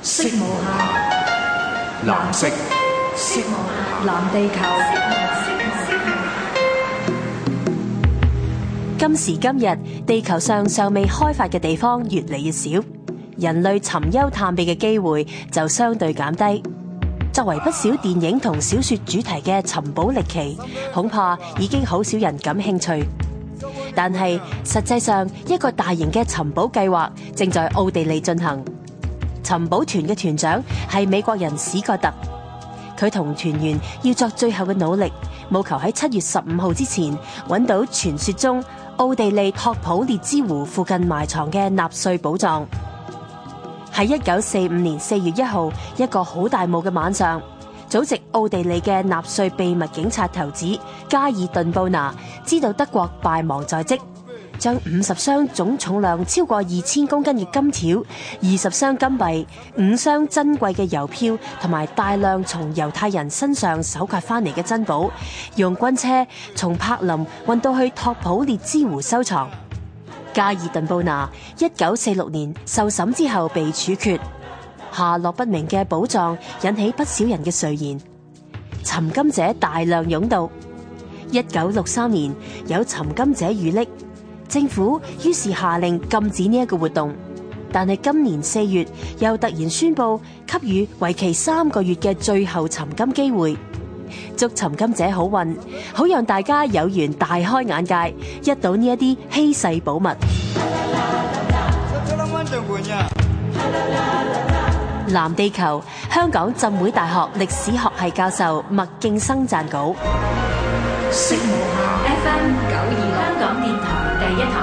色無暇，藍色。色無暇，藍地球。色無暇，今時今日，地球上尚未開發嘅地方越嚟越少，人類尋幽探秘嘅機會就相對減低。作為不少電影同小說主題嘅尋寶歷奇，恐怕已經好少人感興趣。但係實際上，一個大型嘅尋寶計劃正在奧地利進行。尋寶團嘅團長係美國人史葛特，佢同團員要作最後嘅努力，務求喺七月十五號之前揾到傳說中奧地利托普列茲湖附近埋藏嘅納粹寶藏。喺一九四五年四月一號，一個好大霧嘅晚上，祖籍奧地利嘅納粹秘密警察頭子加爾頓布拿知道德國敗亡在即。將五十箱總重量超過二千公斤嘅金條、二十箱金幣、五箱珍貴嘅郵票同埋大量從猶太人身上搜刮翻嚟嘅珍寶，用軍車從柏林運到去托普列茲湖收藏。加爾頓布拿一九四六年受審之後被處決，下落不明嘅寶藏引起不少人嘅垂涎，尋金者大量湧到。一九六三年有尋金者遇溺。政府於是下令禁止呢一個活動，但係今年四月又突然宣布給予為期三個月嘅最後尋金機會，祝尋金者好運，好讓大家有緣大開眼界，一睹呢一啲稀世寶物。藍地球，香港浸會大學歷史學系教授麥勁生撰稿。